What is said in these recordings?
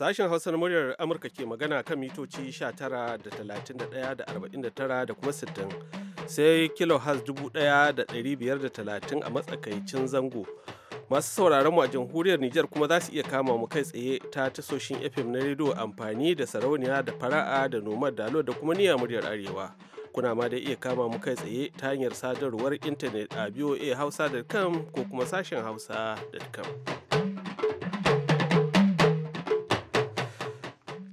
Sashen Hausar muryar Amurka ke magana kan mitoci 19 da 31 da 49 da kuma 60 sai kilohaz 1530 a matsakaicin zango. Masu sauraron mu a jamhuriyar Nijar kuma za su iya kama mu kai tsaye ta tasoshin FM na rediyo amfani da sarauniya da fara'a da nomad dalo da kuma niyya muryar arewa. Kuna ma da iya kama mu kai tsaye ta hanyar sadarwar intanet a voahausa.com ko kuma sashen hausa.com.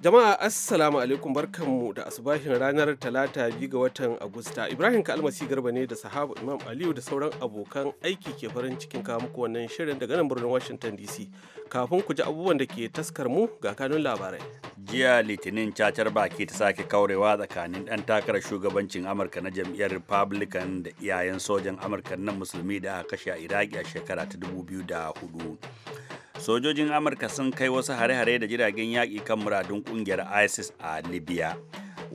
Jama'a Assalamu alaikum barkanmu da asubahin ranar talata biyu ga watan Agusta. Ibrahim Kalmasi Garba ne da sahabu Imam Aliyu da sauran abokan aiki ke farin cikin kawo muku wannan shirin daga nan birnin Washington DC. Kafin ku ji abubuwan da ke taskar mu ga kanun labarai. Jiya Litinin cacar baki ta sake kaurewa tsakanin dan takarar shugabancin Amurka na jam'iyyar Republican da iyayen sojan Amurka nan musulmi da aka kashe a Iraki a shekara ta 2004. sojojin amurka sun kai wasu hare-hare da jiragen yaƙi kan muradun ƙungiyar isis a libya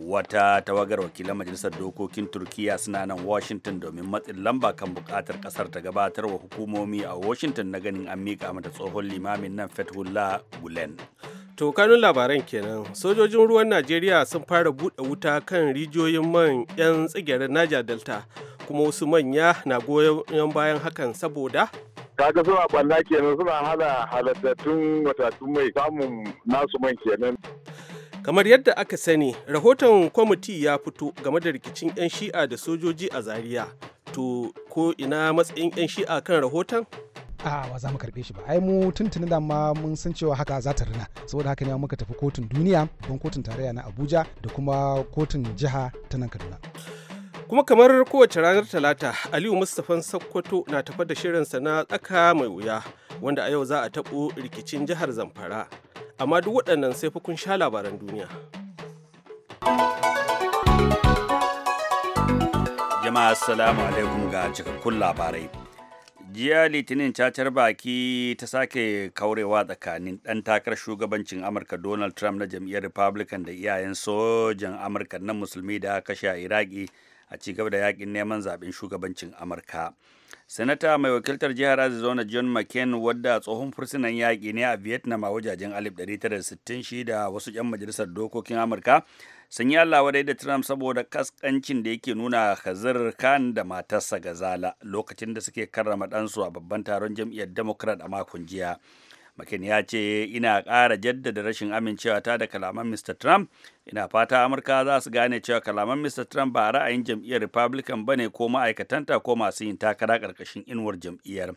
wata tawagar wakilan majalisar dokokin turkiya suna nan washington domin matsin lamba kan buƙatar ƙasar ta gabatar wa hukumomi a washington na ganin an miƙa mata tsohon limamin nan fethullah gulen to kanun labaran kenan sojojin ruwan najeriya sun fara buɗe wuta kan rijiyoyin man 'yan tsigirin niger delta kuma wasu manya na goyon bayan hakan saboda kaga suna ɓanna kenan suna hana halattattun matattun mai samun nasu man kenan kamar yadda aka sani rahoton kwamiti ya fito game da rikicin 'yan shi'a da sojoji a zaria to ko ina matsayin 'yan shi'a kan rahoton a ba za mu karbe shi ba ai mu tuntuni da ma mun san cewa haka za ta rina saboda haka ne muka tafi kotun duniya don kotun tarayya na abuja da kuma kotun jiha ta nan kaduna kuma kamar kowace ranar talata aliyu mustapha sakkwato na tafa da shirinsa na tsaka mai wuya wanda a yau za a taɓo rikicin jihar zamfara amma duk waɗannan sai kun sha labaran duniya jama'a assalamu alaikum ga cikakkun labarai jiya litinin cacar baki ta sake kaurewa tsakanin ɗan takarar shugabancin amurka donald trump na jam'iyyar republican da iyayen sojan amurka na musulmi da kashe a iraki a ci gaba da yakin neman zaɓen shugabancin amurka sanata mai wakiltar jihar arizona john mccain wadda tsohon fursunan yaƙi ne a vietnam a wajajen 1960 da wasu 'yan majalisar dokokin amurka sun yi allah wadai da trump saboda kaskancin da yake nuna hazir kan da matarsa gazala lokacin da suke karrama ɗansu a babban taron jam'iyyar democrat a makon jiya makin ya ce ina ƙara jaddada rashin amincewa ta da kalaman mr trump ina fata amurka za su gane cewa kalaman mr trump ba ra'ayin jam'iyyar republican ba ne ko ma'aikatanta ko masu yin takara ƙarƙashin inuwar jam'iyyar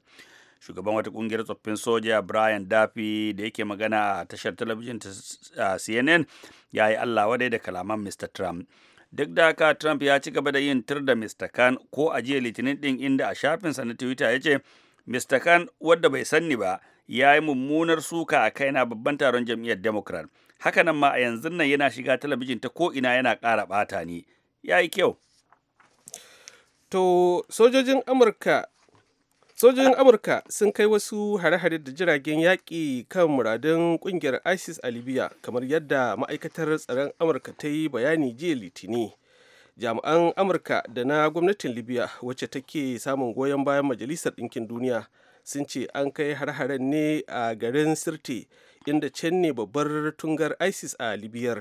shugaban wata ƙungiyar tsoffin soja brian dafi da yake magana a tashar talabijin ta cnn ya yi allah wadai da kalaman mr trump duk da haka trump ya ci gaba da yin tur da mr khan ko a jiya litinin ɗin inda a shafinsa na twitter ya ce mr khan wadda bai sanni ba ya yi mummunar suka a kaina babban taron jam'iyyar democrat hakanan ma a yanzu nan yana shiga talabijin ta ko'ina yana kara bata ni ya yi kyau to sojojin amurka sojojin amurka sun kai wasu hare-hare da jiragen yaƙi kan muradun ƙungiyar isis a libya kamar yadda ma'aikatar tsaron amurka ta yi bayani jiya litini jami'an amurka da na gwamnatin libya wacce take samun goyon bayan majalisar ɗinkin duniya sun ce an kai har-haren ne a garin sirti inda can ne babbar tungar isis a libiyar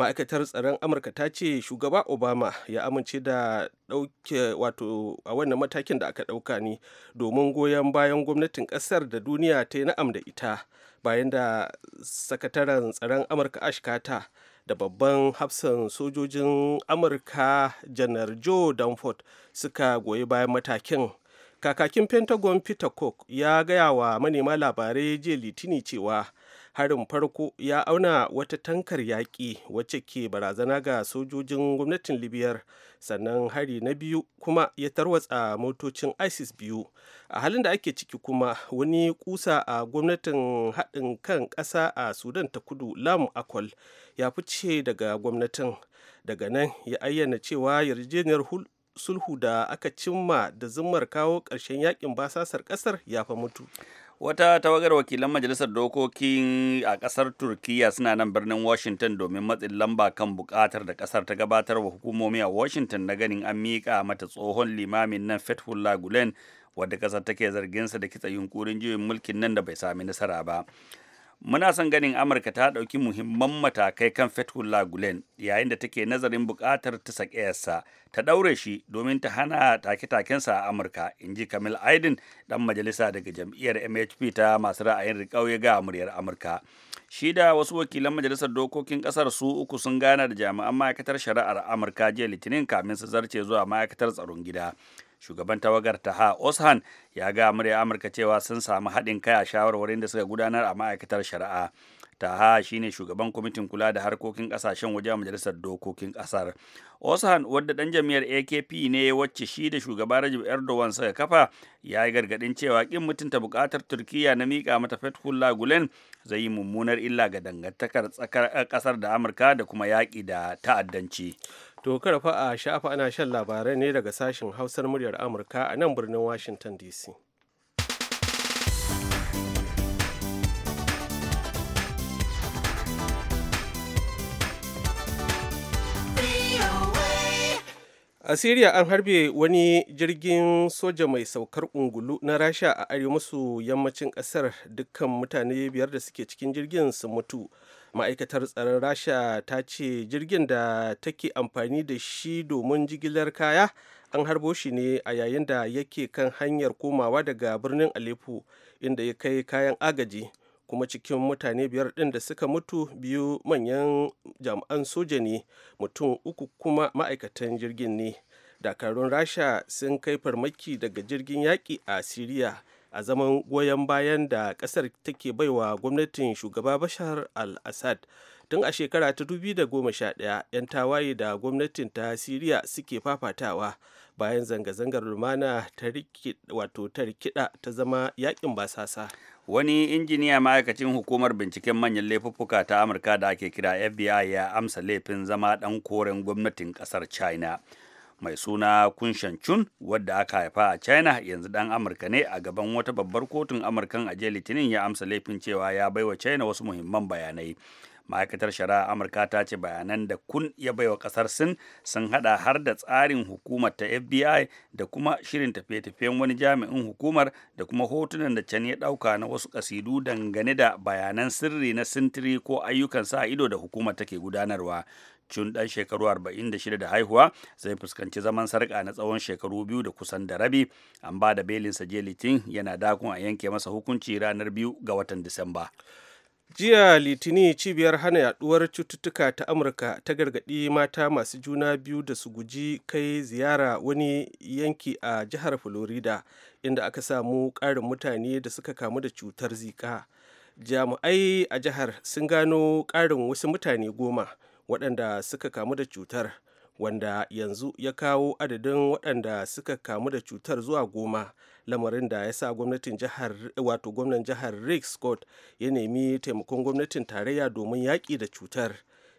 ma'aikatar tsaron amurka ta ce shugaba obama ya amince da ɗauke wato a wannan matakin da aka ɗauka ne domin goyon bayan gwamnatin ƙasar da duniya ta yi na'am da ita bayan da sakataren tsaron amurka ashkata da babban hafsan sojojin amurka janar joe danford suka goyi bayan matakin kakakin pentagon peter cook ya gaya wa manema labarai jiya litini cewa harin farko ya auna wata tankar yaƙi wacce ke barazana ga sojojin gwamnatin libyar sannan hari na biyu kuma ya tarwatsa motocin isis biyu a halin da ake ciki kuma wani kusa a gwamnatin haɗin kan ƙasa a sudan ta kudu lam akwal ya fice daga gwamnatin daga nan ya ayyana cewa yarjejeniyar sulhu da aka cimma da zimmar kawo ƙarshen yakin basasar ƙasar ya fa mutu wata tawagar wakilan majalisar dokokin a kasar turkiya suna nan birnin washington domin matsin lamba kan bukatar da kasar ta gabatar wa hukumomi a washington na ganin an miƙa mata tsohon limamin nan fethullah gulen wadda kasar take zarginsa da kitsa yunkurin juyin mulkin nan da bai sami nasara ba muna son ganin amurka ta ɗauki muhimman matakai kan fethullah gulen yayin da take nazarin bukatar ta sakayarsa ta ɗaure shi domin ta hana take-takensa a amurka in ji kamil aidin ɗan majalisa daga jam'iyyar mhp ta masu ra'ayin riƙauye ga muryar amurka shi da wasu wakilan majalisar dokokin ƙasar su uku sun gana da jami'an ma'aikatar shari'ar amurka jiya litinin kamin su zarce zuwa ma'aikatar tsaron gida shugaban tawagar taha oshan ya ga murya amurka cewa sun samu haɗin kai a shawarwarin da suka gudanar a ma'aikatar shari'a taha shine shugaban kwamitin kula da harkokin ƙasashen waje majalisar dokokin ƙasar oshan wadda ɗan jam'iyyar akp ne wacce shi da shugaba rajab erdogan suka kafa ya yi gargadin cewa kin mutunta bukatar turkiya na mika mata fethullah gulen zai yi mummunar illa ga dangantakar tsakar kasar da amurka da kuma yaƙi da ta'addanci To karfa a shafa ana shan labarai ne daga sashen hausar muryar Amurka a nan birnin Washington DC. a siriya an harbe wani jirgin soja mai saukar ungulu na rasha a arewa maso yammacin kasar dukkan mutane biyar da suke cikin jirgin sun mutu ma'aikatar tsaron rasha ta ce jirgin da take amfani da shi domin jigilar kaya an harbo shi ne a yayin da yake kan hanyar komawa daga birnin aleppo inda ya kai kayan agaji kuma cikin mutane biyar ɗin da suka mutu biyu manyan jami'an soja ne mutum uku kuma ma'aikatan jirgin ne dakarun rasha sun kai farmaki daga jirgin yaƙi a siriya a zaman goyon bayan da ƙasar take baiwa gwamnatin shugaba bashar al-assad tun a shekara ta 2011 'yan tawaye da gwamnatin ta siriya suke fafatawa bayan zanga-zangar lumana ta rikida ta zama yakin basasa wani injiniya ma'aikacin hukumar binciken manyan laifuffuka ta amurka da ake kira fbi ya amsa laifin zama dan koren gwamnatin kasar china mai suna kunshan chun wadda aka haifa a china yanzu dan amurka ne a gaban wata babbar kotun amurkan a jiya litinin ya amsa laifin cewa ya baiwa china wasu muhimman bayanai ma'aikatar shari'a amurka ta ce bayanan da kun ya baiwa kasar sin sun hada har da tsarin hukumar ta fbi da kuma shirin tafiye-tafiyen wani jami'in hukumar da kuma hotunan da can ya dauka na wasu kasidu dangane da bayanan sirri na sintiri ko ayyukan sa ido da hukumar take gudanarwa cun dan shekaru 46 da haihuwa zai fuskanci zaman sarka na tsawon shekaru biyu da kusan da rabi an ba da belinsa jelitin yana dakon a yanke masa hukunci ranar biyu ga watan disamba jiya litinin cibiyar hana yaduwar cututtuka ta amurka ta gargaɗi mata masu juna biyu da su guji kai ziyara wani yanki a jihar florida inda aka samu ƙarin mutane da suka kamu da cutar zika jami'ai a jihar sun gano ƙarin wasu mutane goma waɗanda suka kamu da cutar wanda yanzu ya kawo adadin waɗanda suka kamu da cutar zuwa goma lamarin da ya sa gwamnatin jihar wato gwamnan jihar rick scott ya nemi taimakon gwamnatin tarayya domin yaƙi da cutar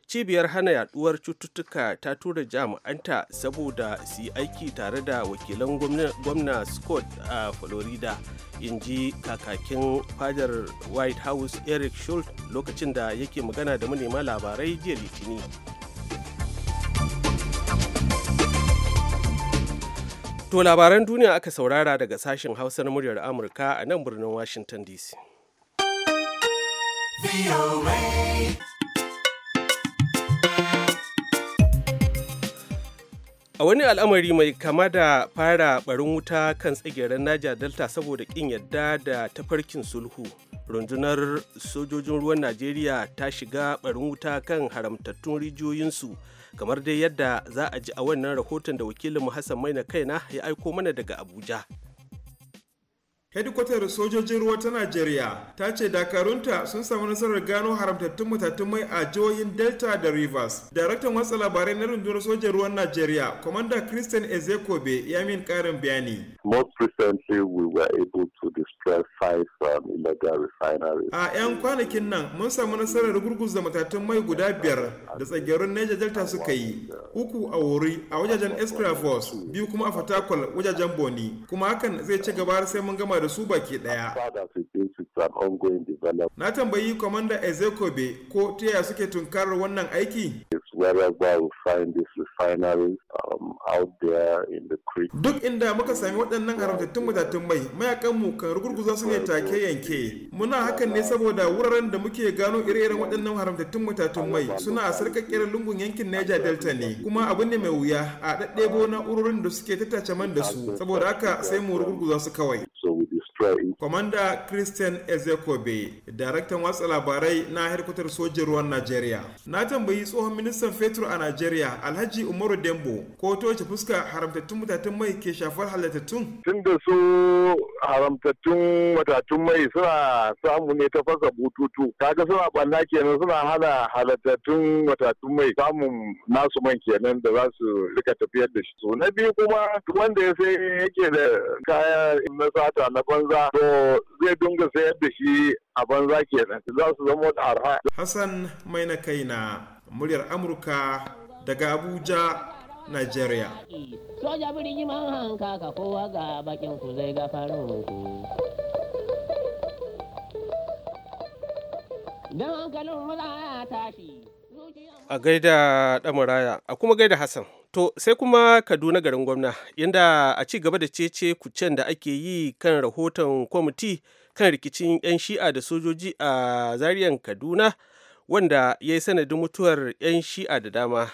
cibiyar hana yaduwar cututtuka ta tura jami'anta saboda su yi aiki tare da wakilan gwamna scott a florida in ji kakakin fadar white house eric schultz lokacin da yake magana da manema labarai jiya litini. To labaran duniya aka saurara daga sashen Hausa na muryar Amurka a nan birnin Washington DC. A wani al'amari mai kama da fara barin wuta kan tsagiyar Naja Delta saboda ƙin yadda da tafarkin sulhu. Rundunar sojojin ruwan Najeriya ta shiga barin wuta kan haramtattun rijiyoyinsu. su kamar dai yadda za a ji a wannan rahoton da wakilin mu Hassan Maina kaina ya aiko mana daga Abuja. hedikwatar sojojin ruwa ta najeriya ta ce dakarunta sun samu nasarar gano haramtattun matattun mai a jihohin delta da rivers daraktan watsa labarai na rundunar sojan ruwan najeriya komanda christian ezekobe ya min karin bayani most recently we were able to destroy five um, illegal refineries a yan kwanakin nan mun samu nasarar gurguza matattun mai guda biyar da tsagerun niger delta suka yi uku a wuri a wajajen escravos biyu kuma a fatakwal wajajen boni kuma hakan zai ci gaba sai mun gama da su baki daya. Na tambayi Kwamanda Ezekobe ko taya suke tunkarar wannan aiki? Um, Duk inda muka sami waɗannan haramtattun mutattun mai mayakan mu kan rugurguza su ne take yanke. Muna hakan ne saboda wuraren da muke gano ire-iren waɗannan haramtattun mutattun mai suna a sarƙaƙƙiyar lungun yankin Niger Delta ne kuma abu ne mai wuya a ɗaɗɗebo na'urorin da suke tattace man da su saboda haka sai mu rugurguza su kawai. Kwamanda Christian Ezekobe daraktan watsa labarai na harkutar sojin ruwan najeriya na tambayi tsohon ministan fetur a najeriya alhaji umaru dembo ko wace fuska haramtattun matatun mai ke shafar halittattun tun da su haramtattun matatun mai suna samu ne ta fasa bututu kaga suna ɓanna kenan suna hana halittattun matatun mai samun nasu man kenan da za su rika tafiyar da shi so na biyu kuma wanda ya sai yake da kaya na sata na banza to zai dunga sayar da shi a banza za zama Hassan mai na kai na muryar Amurka daga Abuja Nigeria Soja man A gaida ɗamuraya, a kuma gaida Hassan. To sai kuma Kaduna garin gwamna, yadda a ci gaba da cece kucen da ake yi kan rahoton kwamiti kan rikicin 'yan shi'a da sojoji a zariyan kaduna wanda ya yi sanadin mutuwar 'yan shi'a da dama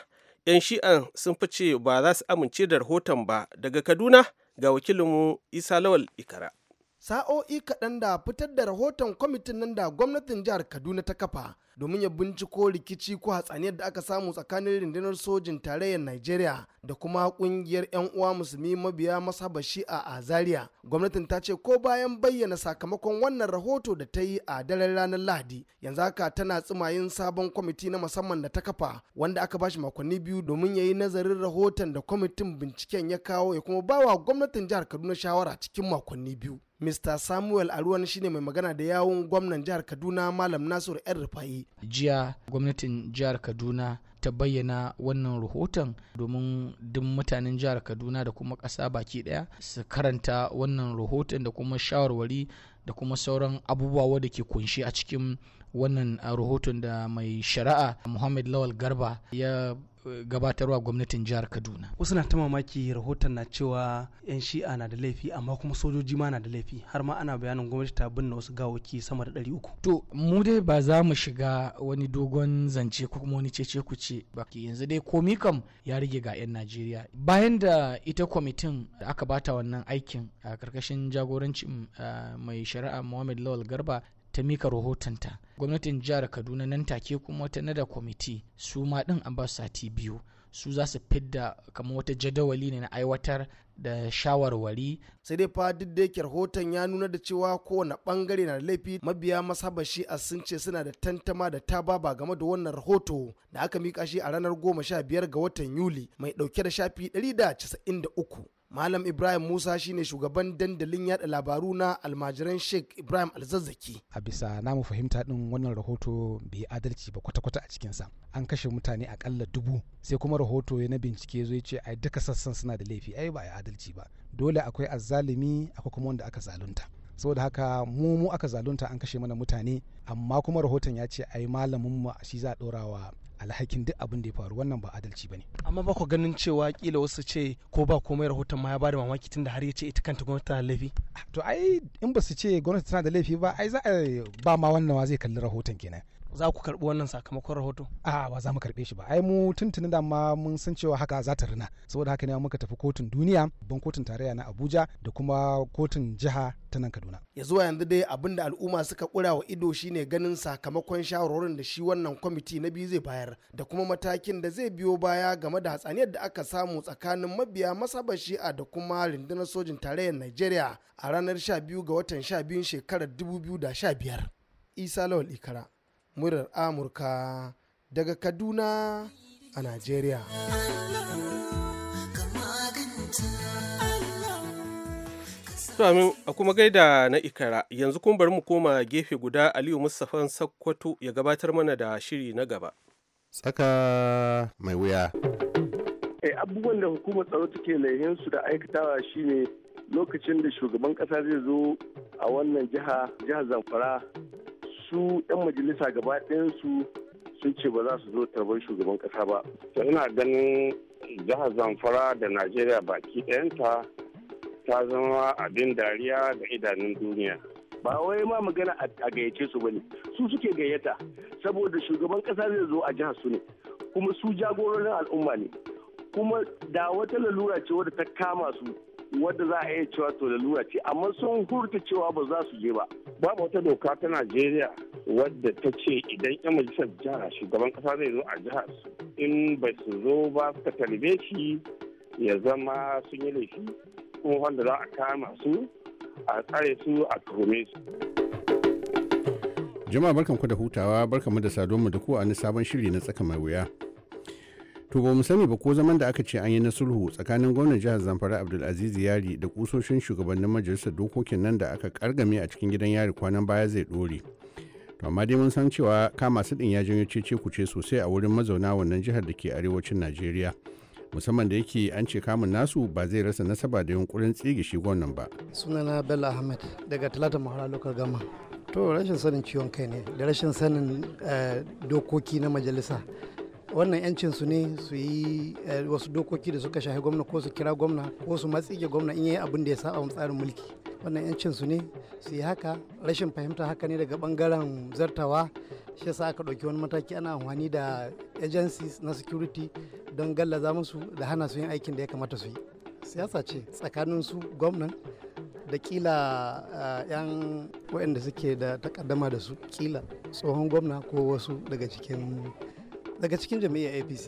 'yan shi'a sun fice ba za su amince da rahoton ba daga kaduna ga wakilinmu isa lawal ikara sa'o'i kaɗan da fitar da rahoton kwamitin nan da gwamnatin jihar kaduna ta kafa domin ya binciko rikici ko hatsaniyar da aka samu tsakanin rundunar sojin tarayyar Najeriya da kuma kungiyar 'yan uwa musulmi mabiya masaba shi'a a Zaria. Gwamnatin ta ce ko bayan bayyana sakamakon wannan rahoto da ta yi a daren ranar Lahadi, yanzu haka tana tsimayin sabon kwamiti na musamman da ta kafa wanda aka bashi makonni biyu domin ya yi nazarin rahoton da kwamitin binciken ya kawo ya kuma bawa gwamnatin jihar Kaduna shawara cikin makonni biyu. mista Samuel Aruwan shine mai magana da yawun gwamnan jihar Kaduna Malam Nasiru 'yan Rufa'i jiya gwamnatin jihar kaduna ta bayyana wannan rahoton domin duk mutanen jihar kaduna da kuma ƙasa baki ɗaya su karanta wannan rahoton da kuma shawarwari da kuma sauran abubuwa da ke kunshi a cikin wannan rahoton da mai shari'a muhammad lawal garba ya gabatarwa gwamnatin jihar kaduna wasu na ta mamaki rahoton na cewa 'yan shi'a na da laifi amma kuma sojoji ma na da laifi har ma ana bayanin gwamnati ta binne wasu gawaki sama da ɗari uku to mu dai ba za mu shiga wani dogon zance ko kuma wani cece ku ce ba yanzu dai komi kam ya rage ga 'yan najeriya bayan da ita kwamitin da aka bata wannan aikin a karkashin jagorancin mai shari'a muhammad lawal garba ta mika rahotonta gwamnatin jihar kaduna nan take kuma wata nada kwamiti su ma din an ba su sati biyu su za su fidda kamar wata jadawali ne na aiwatar da shawarwari sai dai fa duk da yake rahoton ya nuna da cewa kowane bangare na laifi mabiya masaba shi a sun ce suna da tantama da ta baba game da wannan rahoto da aka mika shi a ranar goma sha biyar ga watan yuli mai dauke da shafi da 193 malam ibrahim musa shine shugaban dandalin yada labaru na almajiran sheikh ibrahim alzazzaki a bisa namu fahimta din wannan rahoto bai adalci ba kwata-kwata a cikinsa an kashe mutane akalla dubu sai kuma rahoto ya na bincike zai ce ai duka sassan suna da laifi ai ba a adalci ba dole akwai azzalumi akwai kuma wanda aka zalunta saboda haka mu mu aka zalunta an kashe mana mutane amma kuma rahoton ya ce ai malamin mu shi za a ɗorawa. alhakin duk abin da ya faru wannan ba adalci bane amma ba ku ganin cewa kila wasu ce ko ba komai rahoton ma ya bada mamaki tunda har ya ce ita kanta gwamnati tana da laifi to ai in ba su ce gwamnati tana da laifi ba ai za a ba ma wannan wa zai kalli rahoton kenan za ku karɓi wannan sakamakon rahoto a ba za mu karɓe shi ba ai mu tuntunin da ma mun san cewa haka za ta rina saboda haka ne muka tafi kotun duniya ban kotun tarayya na abuja da kuma kotun jiha ta nan kaduna ya zuwa yanzu dai abin da al'umma suka kura wa ido shine ganin sakamakon shawarorin da shi wannan kwamiti na biyu zai bayar da kuma matakin da zai biyo baya game da hatsaniyar da aka samu tsakanin mabiya masabar shi'a da kuma rundunar sojin tarayyar najeriya a ranar 12 ga watan 12 shekarar 2015 isa lawal ikara murar amurka daga kaduna a najeriya Tuwamin a kuma gaida na ikara yanzu kun bari mu koma gefe guda Aliyu Mustapha Sakkwato ya gabatar mana da shiri na gaba. Tsaka mai wuya. Eh, abubuwan da hukumar tsaro take su da aikatawa shine lokacin da shugaban kasa zai zo a wannan jiha jihar zamfara su 'yan majalisa gaba su sun ce ba za su zo tarbar shugaban kasa ba. ta ina ganin jihar Zamfara da Najeriya baki ɗayanta ta zama abin dariya ga idanun duniya. Ba wai ma magana a gayyace su ba ne, su suke gayyata saboda shugaban kasa zai zo a jihar su ne kuma su jagororin al'umma ne kuma da wata lalura ce wadda ta kama su wadda za a iya cewa to lura ce amma sun hurta cewa ba za su je ba babu wata doka ta najeriya wadda ta ce idan yan majalisar jihar shugaban kasa zai zo a jihar su in ba su zo ba suka talibe shi ya zama sun yi laifi kuma wanda za a kama su a tsare su a tuhume su jama'a barkan da hutawa barkan mu da saduwa mu da ku a sabon shiri na tsaka mai wuya to ba mu sani ba ko zaman da aka ce an yi na sulhu tsakanin gwamnan jihar zamfara abdulaziz yari da kusoshin shugabannin majalisar dokokin nan da aka kargame a cikin gidan yari kwanan baya zai dore to amma dai mun san cewa kama su din ya janyo cece kuce sosai a wurin mazauna wannan jihar da ke arewacin najeriya musamman da yake an ce kamun nasu ba zai rasa nasaba da yunkurin tsige shi gwamnan ba sunana bello ahmed daga talata mahara lokar gama to rashin sanin ciwon kai ne da rashin sanin eh, dokoki na majalisa wannan yancin su ne su yi eh, wasu dokoki da suka shafi gwamna ko su kira gwamna ko su matsige gwamna in yi abin da ya saba tsarin mulki wannan yancin su ne su yi haka rashin fahimta haka ne daga bangaren zartawa shi yasa aka ɗauki wani mataki ana amfani da agencies na security don gallaza musu da hana su yin aikin da ya kamata su yi siyasa ce tsakanin su gwamnan da kila yan eh, waɗanda suke da takaddama da su kila tsohon gwamna ko wasu daga cikin daga cikin jam'iyyar apc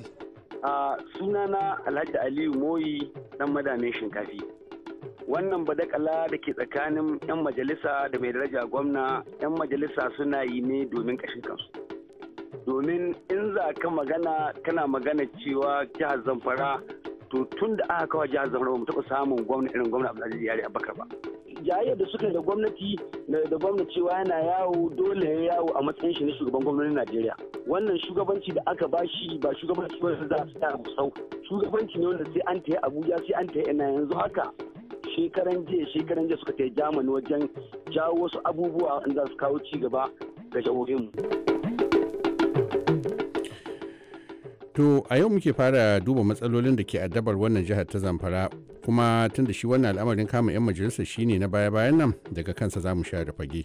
a sunana alhaji aliyu moyi dan madamin shinkafi wannan badakala da ke tsakanin 'yan majalisa da mai daraja gwamna 'yan majalisa suna yi ne domin kashin kansu domin in za ka magana kana magana cewa jihar zamfara to tun da aka kawo jihar zamfara ba mu taɓa samun gwamna irin gwamna abdulaziz yari abakar ba jayayya da suka da gwamnati na da gwamnati cewa yana yawo dole ya yawo a matsayin shi na shugaban gwamnatin Najeriya wannan shugabanci da aka bashi ba shugabanci ba za su ta sau shugabanci ne wanda sai an taya Abuja sai an tayi ina yanzu haka shekaran jiya shekaran jiya suka tayi Germany wajen jawo wasu abubuwa in za su kawo ci gaba ga mu To a yau muke fara duba matsalolin da ke addabar wannan jihar ta Zamfara kuma tun da shi wannan al'amarin kama 'yan majalisar shine na baya-bayan nan daga kansa za mu sha da fage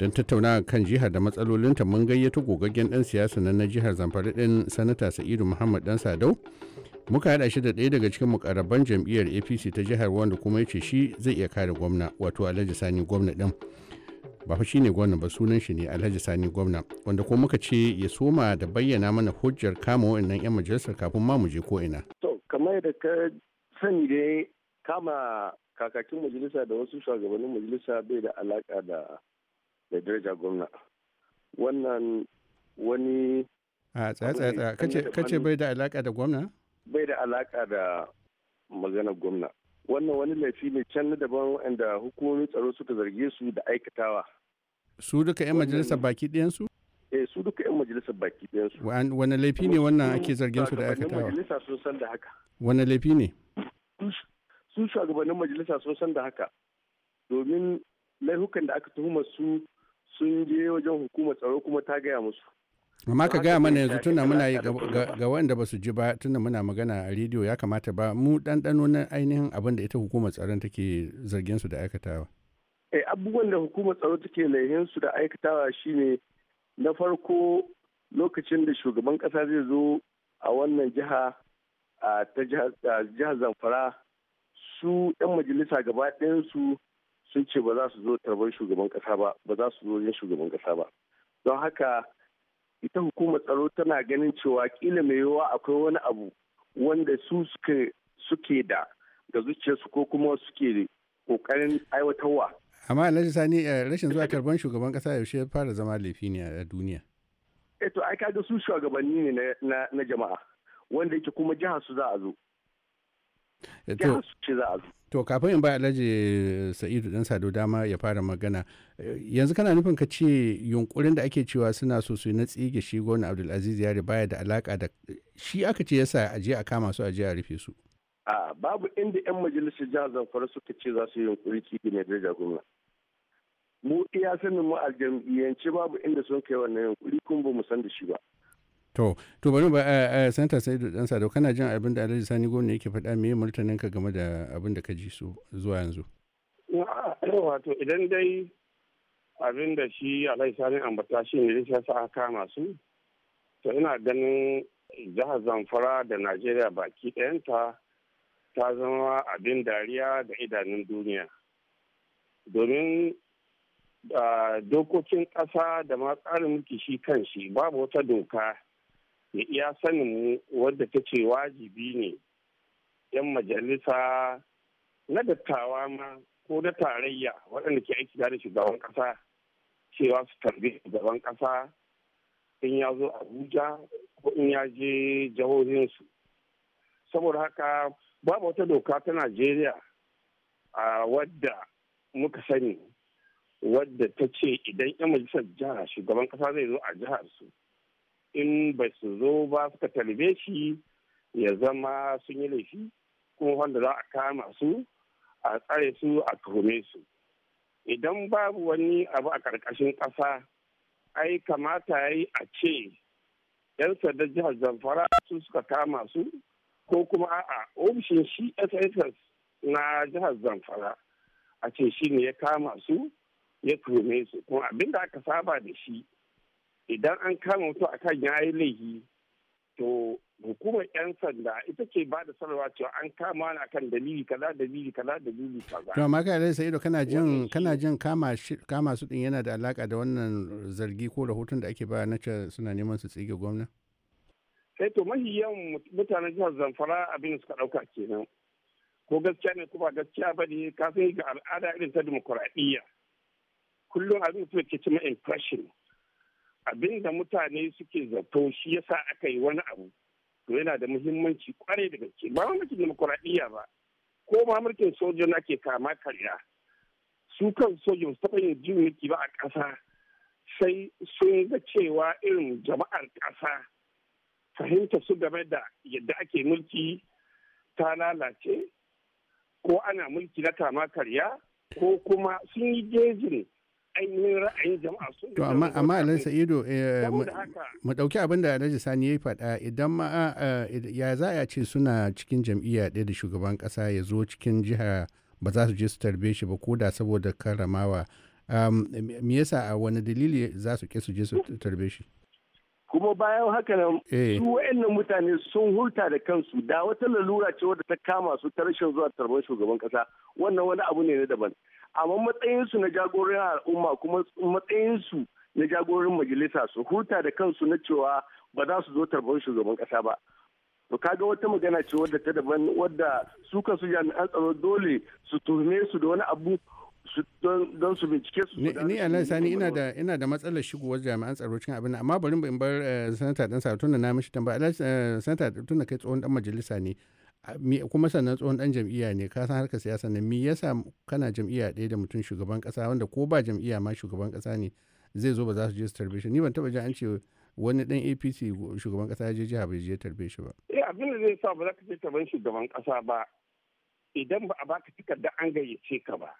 don tattauna kan jihar da matsalolin ta mun gayyato gogaggen dan siyasa nan na jihar zamfara din sanata sa'idu muhammad dan sadau muka haɗa shi da ɗaya daga cikin mukarraban jam'iyyar apc ta jihar wanda kuma ya ce shi zai iya kare gwamna wato alhaji sani gwamna ɗin ba fa shine gwamna ba sunan shi ne alhaji sani gwamna wanda kuma muka ce ya soma da bayyana mana hujjar kama wa'annan 'yan majalisar kafin ma mu je ko ina. kamar da ka sani dai kama kakakin majalisa da wasu shugabannin majalisa bai da alaka da da daraja gwamna wannan wani a tsaya-tsaya kace bai da alaka da gwamna bai da alaka da maganar gwamna wannan wani laifi ne can na daban wanda hukumomin tsaro suka zarge su da aikatawa su duka 'yan majalisar baki ɗayansu? eh su duka 'yan majalisar baki ɗayansu wani laifi ne wannan ake zargin su da aikatawa wani laifi ne su shugabannin majalisa sun san da haka domin laihukan da aka tuhuma su sun je wajen hukumar tsaro kuma ta gaya musu amma ka gaya mana yanzu tunda muna yi ga wanda ba su ji ba tunda muna magana a rediyo ya kamata ba mu ɗanɗano na ainihin abin da ita hukumar tsaron take zargin su da aikatawa eh abubuwan da hukumar tsaro take laihin su da aikatawa shine na farko lokacin da shugaban kasa zai zo a wannan jiha ta jihar zamfara su 'yan majalisa gaba su sun ce ba za su zo tarbar shugaban kasa ba ba za su zo yin shugaban kasa ba don haka ita hukumar tsaro tana ganin cewa kila mai yiwuwa akwai wani abu wanda su suke da ga zuciyarsu ko kuma suke kokarin aiwatarwa amma alhaji sani eh, rashin zuwa tarban shugaban kasa yaushe ya fara zama laifi ne a duniya eto eh ai kaga su shugabanni ne na jama'a wanda yake kuma jihar su eh, za a zo to kafin in ba alhaji sa'idu dan sado dama ya fara magana eh, yanzu kana nufin ka ce yunkurin da ake cewa suna so su na tsige shi gona abdulaziz yare baya da alaka da shi aka ce yasa a je a kama su a je a rufe su a babu inda yan majalisar jihar zamfara suka ce za su yi yunkuri tsige mai da gwamna mu iya sanin mu a jam'iyyance babu inda sun kai wannan yunkuri kun ba mu san da shi ba to to bari ba a eh, eh, santa sai da dan Sado kana jin abin da alhaji sani ne yake faɗa me martanin ka game da abin da ka ji su zuwa yanzu wato idan dai abin da shi alhaji sani ambata shi ne ya sa aka kama su to ina ganin jihar zamfara da najeriya baki ɗayanta ta zama abin dariya da idanun duniya domin ah, dokokin ƙasa da ma tsarin mulki shi kan shi babu wata doka ya iya sanin wadda ta ce wajibi ne 'yan majalisa na dattawa ma ko na tarayya waɗanda ke aiki da shugaban ƙasa cewa su tarbi shugaban ƙasa in ya zo abuja ko in ya je jihohinsu saboda haka babu wata doka ta najeriya a wadda muka sani wadda ta ce idan 'yan majalisar jiha shugaban ƙasa zai zo a jihar su in ba su zo ba suka talibe shi ya zama sun yi laifi kuma wanda za a kama su a tsare su a tuhume su idan babu wani abu a ƙarƙashin ƙasa ai kamata ya yi a ce 'yan sadar jihar zamfara su suka kama su ko kuma a ofishin shi sss na jihar zamfara a ce shi ne ya kama su ya tuhume su kuma abinda aka saba da shi idan an kama mutum akan ya yi laifi to hukumar 'yan sanda ita ce ba da sanarwa cewa an kama ni akan dalili kaza dalili kaza dalili kaza. To amma kai dai Sa'ido kana jin kana jin kama kama su din yana da alaka da wannan zargi ko rahoton da ake bayar na ce suna neman su tsige gwamna. Sai eh to mahi yawan mutanen jihar Zamfara abin suka ɗauka kenan. Ko gaskiya ne ko ba gaskiya ba ne ka ga al'ada irin ta dimokuraɗiyya. Kullum abin su ke cima impression. abin da mutane suke zato shi yasa aka yi wani abu to yana da muhimmanci kwarai da gaske ba mulkin demokuraɗiyya ba ko ma mulkin soja na ke kama karya su kan sojin su taɓa yin jin mulki ba a ƙasa sai sun ga cewa irin jama'ar ƙasa fahimta su game da yadda ake mulki ta lalace ko ana mulki na kama karya ko kuma sun yi gejin ainihin ra'ayin jama'a su to amma amma Alan sa'ido eh, mu dauki abin da alhaji sani ya faɗa idan ma ya za a ce suna cikin jam'iyya ɗaya da shugaban kasa ya zo cikin jiha ba za su je su tarbe shi ba koda saboda karramawa um, me yasa a wani dalili za su ke su je su tarbe shi kuma bayan haka nan eh. su wa'annan mutane sun hulta da kansu da wata lalura ce wadda ta kama su ta rashin zuwa tarban shugaban kasa wannan wani abu ne na daban amma matsayinsu na jagorin al'umma kuma matsayinsu na jagorin majalisa su huta da kansu na cewa ba za su zo tarbar shugaban kasa ba to kaga wata magana ce wadda ta daban wadda su kansu jami'an tsaro dole su tuhume su da wani abu don su bincike su ni a sani ina da ina da matsalar shigowar jami'an tsaro cikin abin amma bari in bar eh, sanata dan sa tunda na mishi tambaya eh, sanata tunda kai tsohon dan majalisa ne kuma sannan tsohon dan jam'iyya ne ka san harkar siyasa ne me yasa kana jam'iyya ɗaya da mutum shugaban kasa wanda ko ba jam'iyya ma shugaban kasa ne zai zo ba za su je su tarbe shi ni ban taba ji an ce wani dan APC shugaban kasa ya je jiha bai je tarbe shi ba eh abin da zai sa ba za ka je tarbe shugaban kasa ba idan ba a baka takarda an gayyace ka ba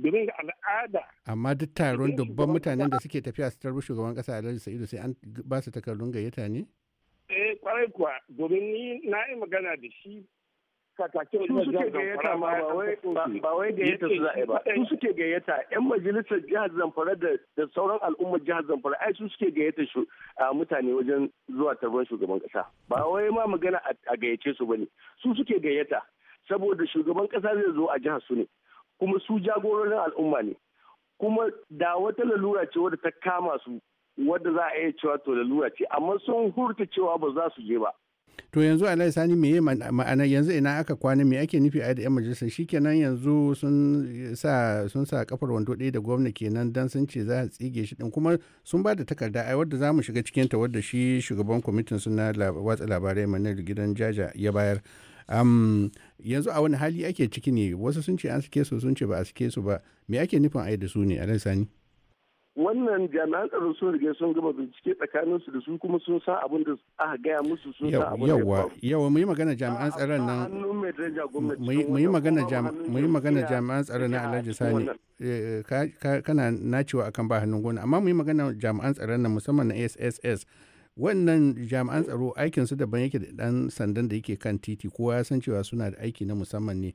domin al'ada amma duk taron dubban mutanen da suke tafiya su tarbi shugaban kasa Alhaji Sa'idu sai an ba su takardun gayyata ne eh kwarai kuwa domin ni na yi magana da shi kakakin suke gayyata ba wai gayyata su za'a ba su suke gayyata yan majalisar jihar zamfara da sauran al'ummar jihar zamfara ai su suke gayyata mutane wajen zuwa tarban shugaban kasa ba wai ma magana a gayyace su bane su suke gayyata saboda shugaban kasa zai zo a jihar su ne kuma su jagororin al'umma ne kuma da wata lalura ce wadda ta kama su wadda za a iya cewa to lalura ce amma sun hurta cewa ba za su je ba to yanzu alai sani meye ma'ana yanzu ina aka kwana me ake nufi a yan majalisar shikenan yanzu sun sa sun kafar wando ɗaya da gwamna kenan dan sun ce za a tsige shi din kuma sun ba da takarda ai wadda mu shiga cikin ta wadda shi shugaban kwamitin suna watsa labarai manar gidan jaja ya bayar um, yanzu a wani hali ake ciki ne wasu sun ce an sike su sun ce ba a sike su ba me ake nufin a da su ne a sani wannan jami'an tsaro sun riga sun gama bincike tsakanin su da su kuma sun sa abin da aka gaya musu sun sa abin da yawa yawa mu yi magana jami'an tsaron nan mu yi magana mu yi magana jami'an tsaron na Alhaji Sani eh, eh, kana nacewa akan ba hannun gona amma mu yi magana jami'an tsaron nan musamman na SSS wannan jami'an tsaro aikin su daban yake da dan sandan da yake kan titi kowa ya san cewa suna da aiki na musamman ne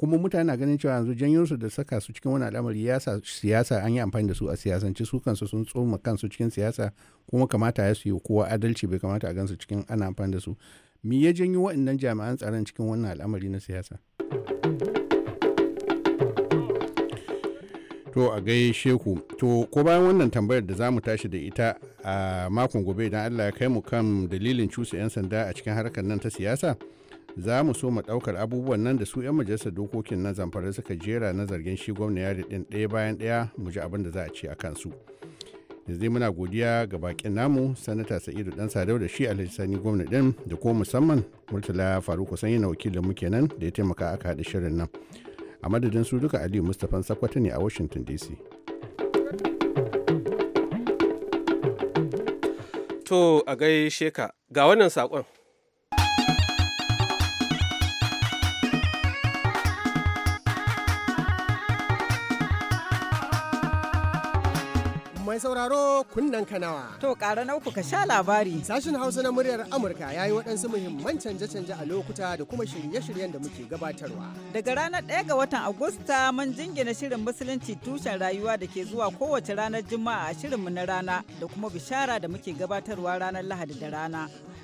kuma mutane na ganin cewa yanzu janyo su da saka su cikin wani al'amari ya sa siyasa an yi amfani da su a siyasance su kansu sun tsoma kansu cikin siyasa kuma kamata ya su yi kowa adalci bai kamata a gansu cikin ana amfani da su me ya janyo waɗannan jami'an tsaron cikin wannan al'amari na siyasa to a gai sheku to ko bayan wannan tambayar da za mu tashi da ita a makon gobe idan allah ya kai mu kan dalilin cusa 'yan sanda a cikin harkar nan ta siyasa za mu so mu ɗaukar abubuwan nan da su 'yan majalisar dokokin na zamfara suka jera na zargin shi gwamna yari ɗin ɗaya bayan ɗaya mu ji abin da za a ce a kansu yanzu muna godiya ga bakin namu sanata sa'idu dan sadau da shi alhaji sani gwamna ɗin da ko musamman murtala faruku sanyi na wakilin mu nan da ya taimaka aka haɗa shirin nan a madadin su duka aliyu mustapha sakwata ne a washington dc to a gaishe ka ga wannan sakon. mai sauraro kunnen kanawa. To ƙara na uku ka sha labari. Sashen Hausa na muryar Amurka ya yi waɗansu muhimman canje-canje a lokuta da kuma shirye-shiryen da muke gabatarwa. Daga ranar ɗaya ga watan Agusta mun jingina shirin musulunci tushen rayuwa da ke zuwa kowace ranar Juma'a a shirinmu na rana da kuma bishara da muke gabatarwa ranar Lahadi da rana.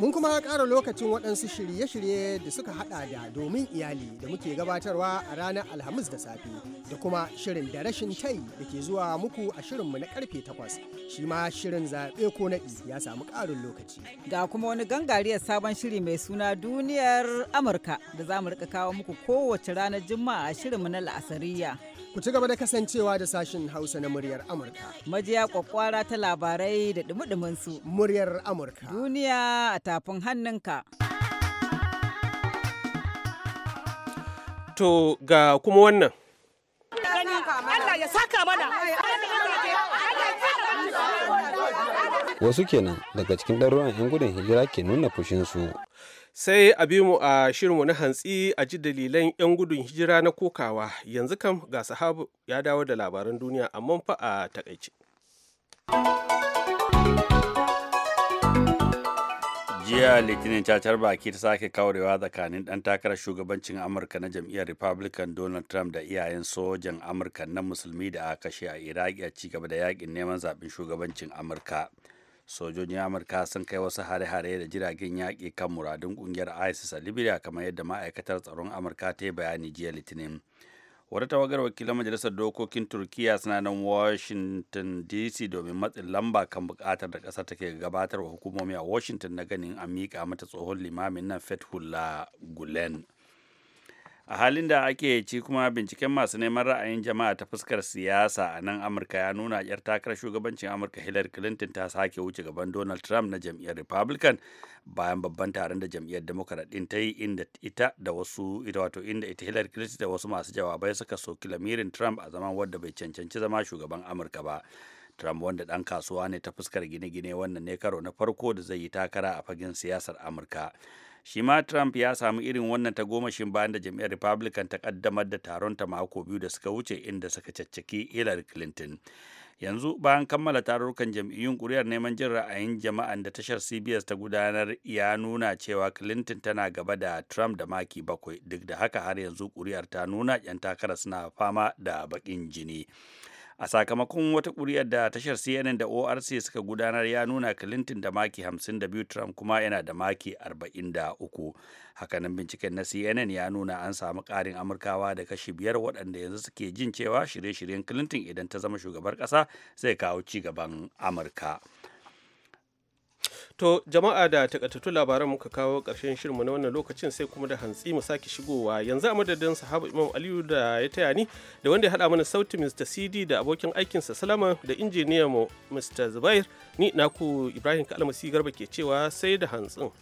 Mun kuma ƙara lokacin waɗansu shirye-shirye da suka haɗa da domin iyali da muke gabatarwa a ranar Alhamis da safe da kuma shirin da rashin tai da ke zuwa muku a shirinmu na karfe takwas. Shi ma shirin zaɓe ko naɗi ya samu ƙarin lokaci. Ga kuma wani gangariyar sabon shiri mai suna duniyar Amurka da za mu rika kawo muku kowace ranar Juma'a a shirinmu na La'asariya. Ku ci gaba da kasancewa da sashin Hausa na muryar Amurka. Majiya kwakwara ta labarai da dumudumansu. Muryar Amurka. Duniya a tafin hannunka. To ga kuma wannan. Allah ya saka mana. wasu kenan daga cikin ɗaruran 'yan gudun hijira ke nuna fushinsu sai a bi mu a shirinmu na hantsi a ji dalilan 'yan gudun hijira na kokawa yanzu kam ga sahabu ya dawo da labaran duniya a fa a takaice jiya litinin cacar baki ta sake kawarewa tsakanin dan takarar shugabancin amurka na jam'iyyar republican donald trump da iyayen sojan amurka na musulmi da aka kashe a iraki a cigaba da yakin neman zaben shugabancin amurka sojojin amurka sun kai wasu hare-hare da jiragen yaƙi kan muradun ƙungiyar isis a libya kamar yadda ma'aikatar tsaron amurka ta yi bayani jiya litinin wata tawagar wakilan majalisar dokokin turkiya suna nan washington dc domin matsin lamba kan bukatar da ƙasar take gabatar wa hukumomi a washington na ganin an miƙa mata tsohon limamin nan fethullah gulen a halin da ake ci kuma binciken masu neman ra'ayin jama'a ta fuskar siyasa a nan amurka ya nuna yar takarar shugabancin amurka hillary clinton ta sake wuce gaban donald trump na jam'iyyar republican bayan babban taron da jam'iyyar democrat din ta yi inda ita da wasu ita wato inda ita hillary clinton da wasu masu jawabai suka soki lamirin trump a zaman wadda bai cancanci zama shugaban amurka ba Trump wanda dan kasuwa ne ta fuskar gine-gine wannan ne karo na farko da zai yi takara a fagen siyasar Amurka. shi ma trump ya samu irin wannan tagomashin bayan da jam'iyyar republican ta kaddamar da taron ta mako biyu da suka wuce inda suka caccaki hillary clinton yanzu bayan kammala tarurrukan jam'iyyun kuri'ar neman jin ra'ayin jama'an da tashar cbs ta gudanar ya nuna cewa clinton tana gaba da trump da maki bakwai duk da haka har yanzu kuri'ar ta nuna 'yan takara suna fama da baƙin jini a sakamakon wata ƙuri'ar da tashar cnn da orc suka gudanar ya nuna clinton da maki 52 trump kuma yana da maki 43 hakanan binciken na cnn ya nuna an samu karin amurkawa da kashi biyar waɗanda yanzu suke jin cewa shirye-shiryen clinton idan ta zama shugabar ƙasa zai kawo ci gaban amurka To jama'a da takaitattu labaran muka kawo ƙarshen shirinmu na wannan lokacin sai kuma da hantsi mu sake shigowa yanzu a madadin sahabu Imam Aliyu da ya taya ni da wanda ya haɗa mana sauti Mr. CD da abokin aikinsa Salama da injiniyan mu Mr. Zubair ni naku Ibrahim Kalmasi Garba ke cewa sai da hantsin.